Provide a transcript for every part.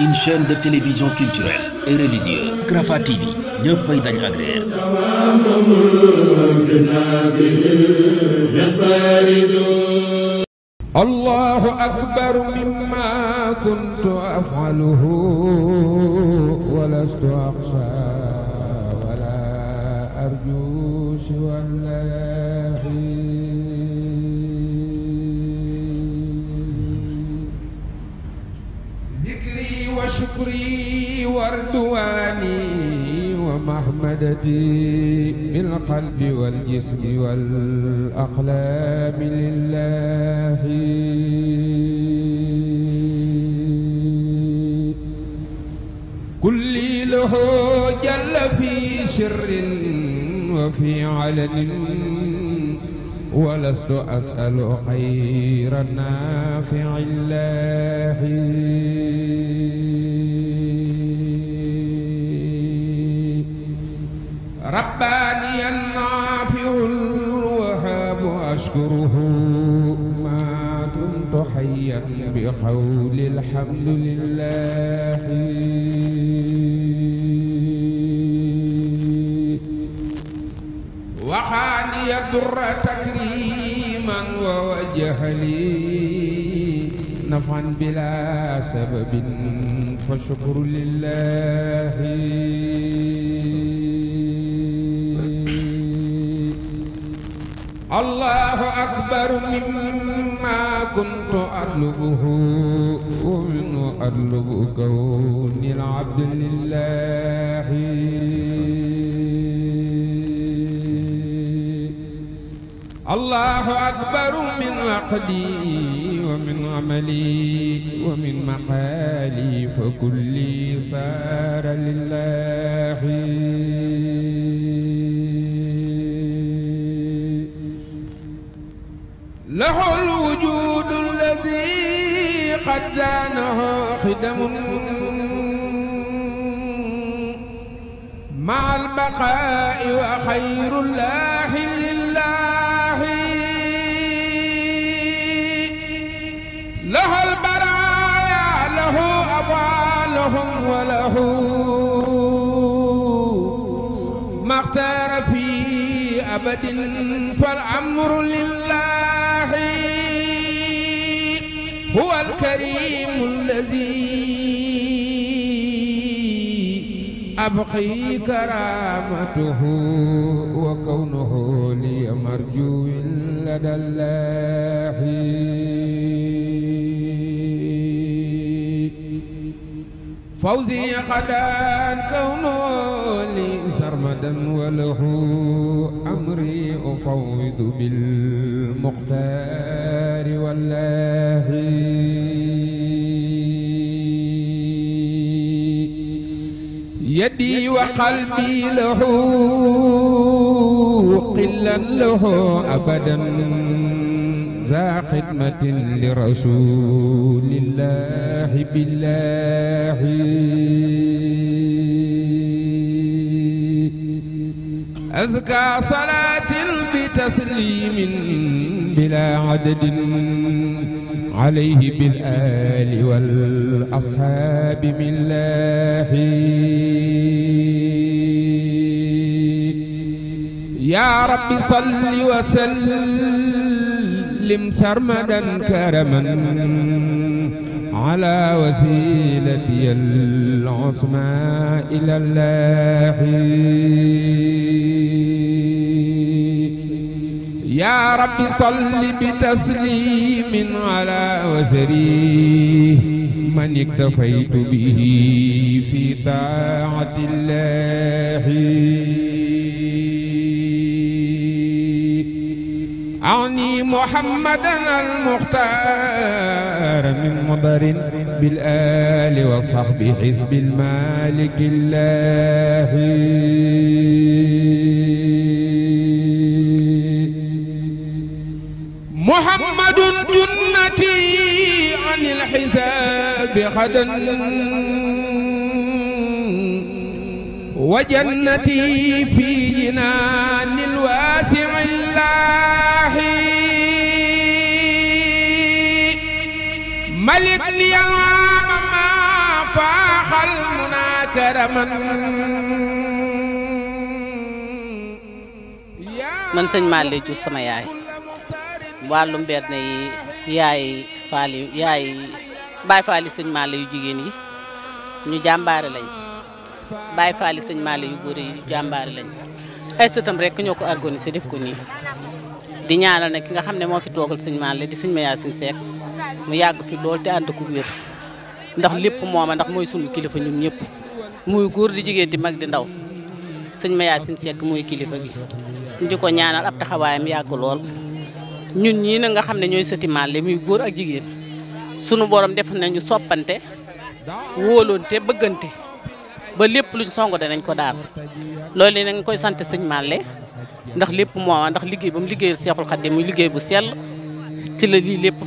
une chaîne de télévision culturelle et religieuse Rafah TV ñëppay dañ agréer allahu akbar mimma kuntu af'aluhu wa lastu akhsha wa la arju siwa عدواني ومحمدتي بالقلب والجسم والأقلام لله كلي له جل في سر وفي علن ولست أسأل خير نافع الله حيا بقول الحمد لله وخاني الدر تكريما ووجه لي نفعا بلا سبب فشكر لله الله أكبر من كنت أطلبه ومن أطلب كوني العبد لله الله أكبر من عقلي ومن عملي ومن مقالي فكلي صار لله له الوجود الذي قد زانه خدم مع البقاء وخير الله لله له البرايا له أفعالهم وله ما اختار في أبد فالأمر لله هو الكريم الذي أبقي كرامته وكونه لي مرجو لدى الله فوزي غدا كون لي سرمدا وله امري افوض بالمقدار والله يدي وقلبي له قلا له ابدا ذا خدمة لرسول الله بالله أزكى صلاة بتسليم بلا عدد عليه بالآل والأصحاب من الله يا رب صل وسلم وسلم سرمدا كرما على وسيلتي العصمى إلى الله يا رب صل بتسليم على وسري من اكتفيت به في طاعة الله محمدا المختار من مضر بالآل وصحب حزب المالك الله محمد جنتي عن الحساب غدا وجنتي في جنان الواسع الله ملك لي ما فاح المنا كرما man sëñ Malle jur sama yaay wàllum benn yi yaay faali yaay baay faali sëñ Malle yu jigéen yi ñu jàmbaare lañ baay faali sëñ Malle yu góor yi ñu jàmbaare lañ ay sëtam ñoo ko organisé def ko nii di ñaanal nag ki nga xam ne moo fi toogal sëñ Malle di sëñ ma yaa sëñ Seck mu yàgg fi lool te ànd ko wér ndax lépp mooma ndax mooy sunu kilifa ñun ñëpp muy góor di jigéen di mag di ndaw sëñ Mayacine Seck mooy kilifa gi ñu di ko ñaanal ab taxawaayam yàgg lool ñun ñii na nga xam ne ñooy sëti Màlle muy góor ak jigéen sunu borom def nañu soppante wóoloonte bëggante ba lépp luñ de nañ ko daan loolu yi nañ koy sant sëñ Màlle ndax lépp mooma ndax liggéey ba mu liggéeyal Seexul Xadiim muy liggéey bu sell ci la lii lépp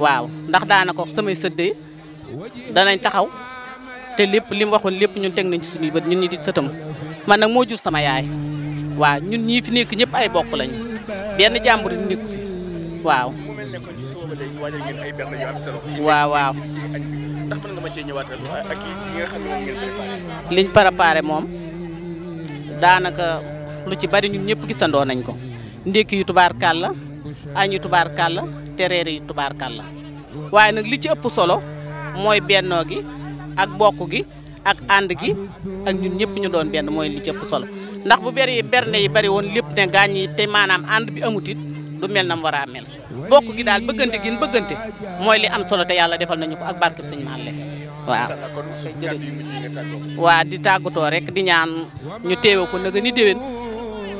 waaw ndax daanaka samay sëddee danañ taxaw te lépp li mu waxoon lépp ñun teg nañ ci suñuy bët ñun ñi di sëtam man nag moo jur sama yaay waaw ñun ñii fi nekk ñëpp ay bokk lañ benn jàmbur ñu nekk fi waaw. waaw waaw. liñ préparé moom daanaka lu ci bari ñun ñëpp gisandoo nañ ko ndékki yu tubaar kàlla añ yu kàlla téere yi tubaarkàlla waaye nag li ci ëpp solo mooy bennoo gi ak bokk gi ak ànd gi ak ñu ñëpp ñu doon benn mooy li ci ëpp solo ndax bu bari bernde yi bari woon lépp ne gaañ yi te maanaam ànd bi amut it du mel na mu war mel bokk gi daal bëggante gi bëggante mooy li am solo te yàlla defal nañu ko ak barkeb sëñ Malle waaw waa di tàggatoo rek di ñaan ñu teewe ko naga ni déwén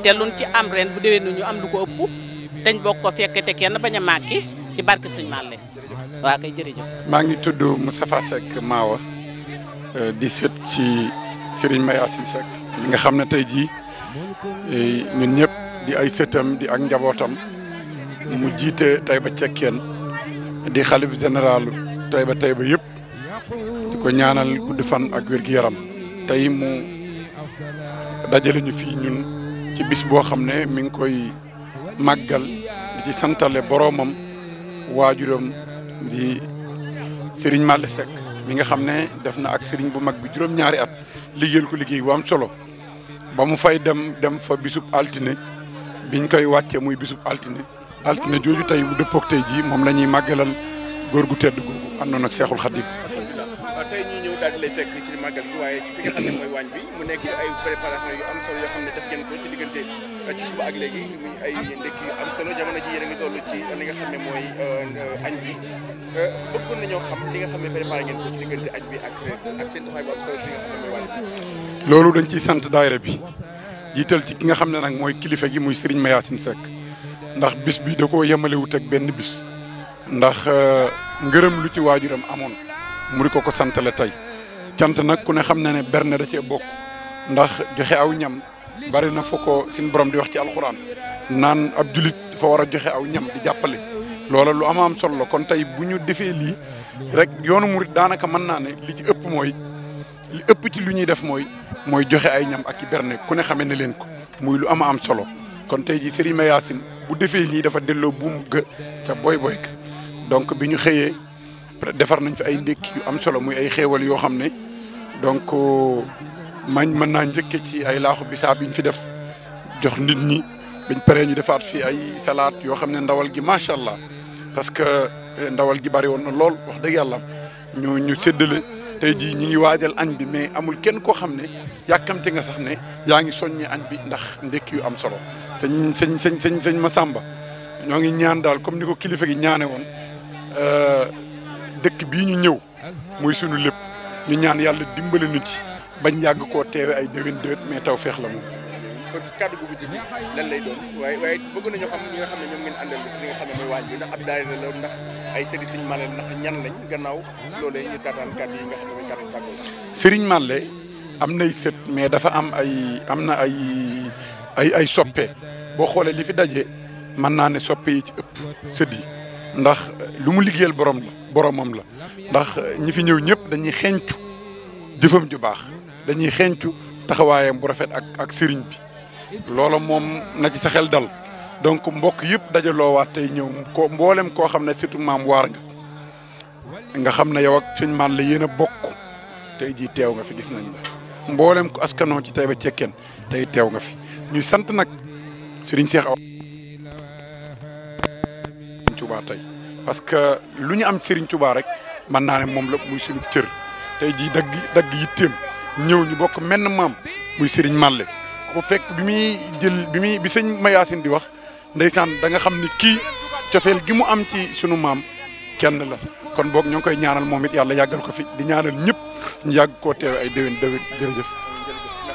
te luñ ci am ren bu déwén ñu am lu ko ëpp dañ bokk ko te kenn bañ a màkki ci barke sëñ Malle waa kay jërëjëf. maa ngi tudd Moustapha Seck Mawa euh, di sët si Serigne Mayacine Seck mi nga xam ne tey jii euh, ñun ñëpp di ay sëtam di ak njabootam mu jiite tey Taïba Cekkeen di xalif ba tey Taïba yëpp di ko ñaanal gudd fan ak wér gi yaram tey mu dajale ñu fii ñun ci bis boo xam ne mi ngi koy. màggal di ci santale boroomam waajuram di Serigne Malle Seck mi nga xam ne def na ak Serigne bu mag bi juróom-ñaari at liggéeyal ko liggéey bu am solo ba mu fay dem dem fa bisub altine biñ koy wàccee muy bisub altine altine jooju tey bu dëppook tey jii moom la ñuy màggalal góor gu tedd googu àndoon ak Seexul Xadim Euh, tey ñuy ñëw daal di fekk ci màggal gi waaye fi waañ bi mu nekk ay préparation yu am ne def ngeen ko ci euh, léegi muy ay ndekki yu am li nga xam ne mooy euh, añ bi bëggoon xam li nga xam ne préparé ngeen ko li nga xam ne mooy loolu dañ ciy sant daayira bi jiital ci ki nga xam ne nag mooy kilifa gi muy Serigne Mayacine Seck ndax bis bi da koo yemalewut ak benn bis ndax ngërëm lu ci waajuram amoon. mu di ko ko santale tey cant nag ku ne xam na ne berne da cee bokk ndax joxe aw ñam bari na foo ko suñu borom di wax ci alxuraan naan ab julit dafa war a joxe aw ñam jàppale loola lu am am solo la kon tey bu ñu defee lii rek yoonu murit daanaka mën naa ne li ci ëpp mooy li ëpp ci lu ñuy def mooy mooy joxe ay ñam ak i berne ku ne xamee leen ko muy lu ama am solo kon tey ji Serigne Mayacine bu defee lii dafa delloo buum ga ca boy boy ka donc bi ñu xëyee defar nañ fi ay ndékki yu am solo muy ay xéewal yoo xam ne donc euh, mañ mën naa njëkke ci ay laaxu bisaab yi ñu fi def jox nit ñi bañ paree ñu defaat fi ay salaat yoo xam ne ndawal gi macha allah parce que euh, ndawal gi bari woon na lool wax dëgg yàlla ñu ñu séddale tey jii ñi ngi waajal añ bi mais amul kenn koo xam ne yàkkamte nga sax ne yaa ngi soñ soññi añ bi ndax ndékki yu am solo sëñ sëñ sëñ sëñ sëñ Massamba ñoo ngi ñaan daal comme ni ko kilifa gi ñaane woon euh, dëkk bii ñu ñëw muy sunu lépp ñu ñaan yàlla dimbale nu ci bañ yàgg koo teewe ay déwén déwén mais taw feex la moom. kon kàddu gu mujj bi lan lay doon waaye waaye na nañu xam ñi nga xam ne ñoom ngeen àndal ci li nga xam ne mooy waaj bi ñan lañ gannaaw loolee ñu taataan kàddu yi nga xam Sëriñ Male am nay sët mais dafa am ay am na ay ay ay soppe boo xoolee li fi daje mën naa ne soppe yi ci ëpp sët yi ndax lu mu liggéeyal borom la boromam la ndax ñi fi ñëw ñëpp dañuy xencu jëfam ju baax dañuy xencu taxawaayam bu rafet ak ak sëriñ bi loola moom na ci sa xel dal donc mbokk yëpp dajaloowaat tey ñëw ko mboolem koo xam ne surtout maam waar nga nga xam ne yow ak sëñ maan la yéen a bokk tey jii teew nga fi gis nañ mboolem ko askanoo ci tey ba cekkeen tey teew nga fi ñuy sant nag sëriñ Seex Awa Touba tey parce que lu ñu am Serigne Touba rek man naa ne moom la muy suñu tër tey jii dagg dagg yitteem ñëw ñu bokk menn maam muy Serigne Malle ku fekk bi muy jël bi muy bi sëñ Mayacine di wax ndeysaan da nga xam ni kii cofeel gi mu am ci sunu maam kenn la kon boog ñoo ngi koy ñaanal moom it yàlla yàggal ko fi di ñaanal ñëpp ñu yàgg koo teewe ay déwén déwén jërëjëf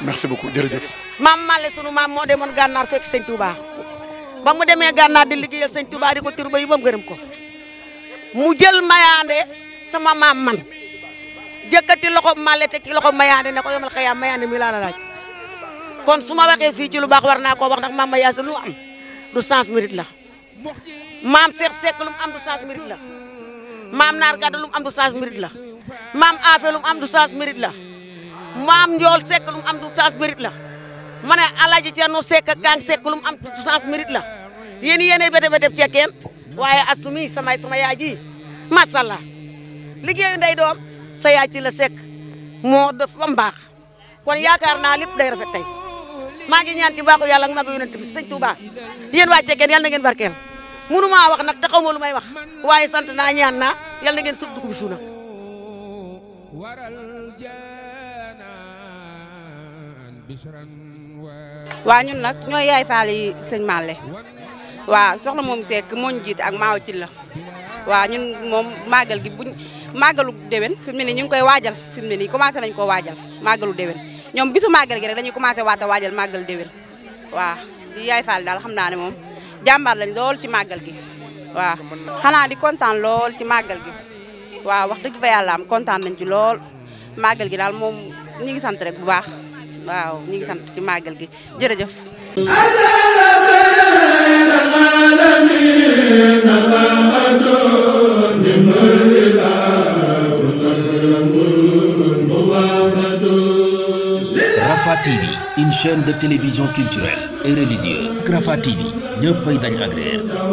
merci beaucoup jërëjëf. maam Malle sunu maam moo demoon gànnaar fekk sëñ Touba. ba mu demee gànnaar di liggéeyal sëñ Touba di ko turba yi ba gërëm ko mu jël mayaande sama maam man jëkkati loxo male te ki loxo mayaande ne ko yomal xëyaam mayaande mi laa la laaj kon su ma waxee fii ci lu baax war naa koo wax ndax maam ma yaasa lu am du sans mérite la maam Seex Sekk lu mu am du sans mérite la maam Naar Gàdd lu mu am du sans mérite la maam Afe lu am du sans mérite la Sekk lu am du sans mérite la ma ne Alaaji Cerno Sekk Kaang Sekk lu mu am du sans mérite la yéen yene bete bete ci waaye astu mi sama sama yaay ji macha allah liggéeyu ndey doom sa yaay ci la sekk moo def ba mbaax kon yaakaar naa lépp day rafet tey maa ngi ñaan ci baaxu yàlla ak magu yonent bi sëñ Touba yéen waa Cekkeen yal na ngeen barkeel munu maa wax nag te xaw ma lu may wax waaye sant naa ñaan naa yal na ngeen sut dugub suuna. waa ñun nag ñooy yaay faal yi sëñ waaw soxla moom Seck moo ñu ak maaw ci la waaw ñun moom màggal gi buñ màggalu déwén fi mu ne ñu ngi koy waajal fi mu ne nii commencé nañ koo waajal màggalu déwén ñoom bisu màggal gi rek dañuy commencé waata waajal màggal déwén waaw yaay Fall daal xam naa ne moom jàmbaar lañ lool ci màggal gi waaw xanaa di kontaan lool ci màggal gi waaw wax dëgg fa yàlla am kontaan nañ ci lool màggal gi daal moom ñi ngi sant rek bu baax waaw ñi ngi sant ci màggal gi jërëjëf TV de télévision culturelle et religieuse Rafah TV ñëppay dañ agréer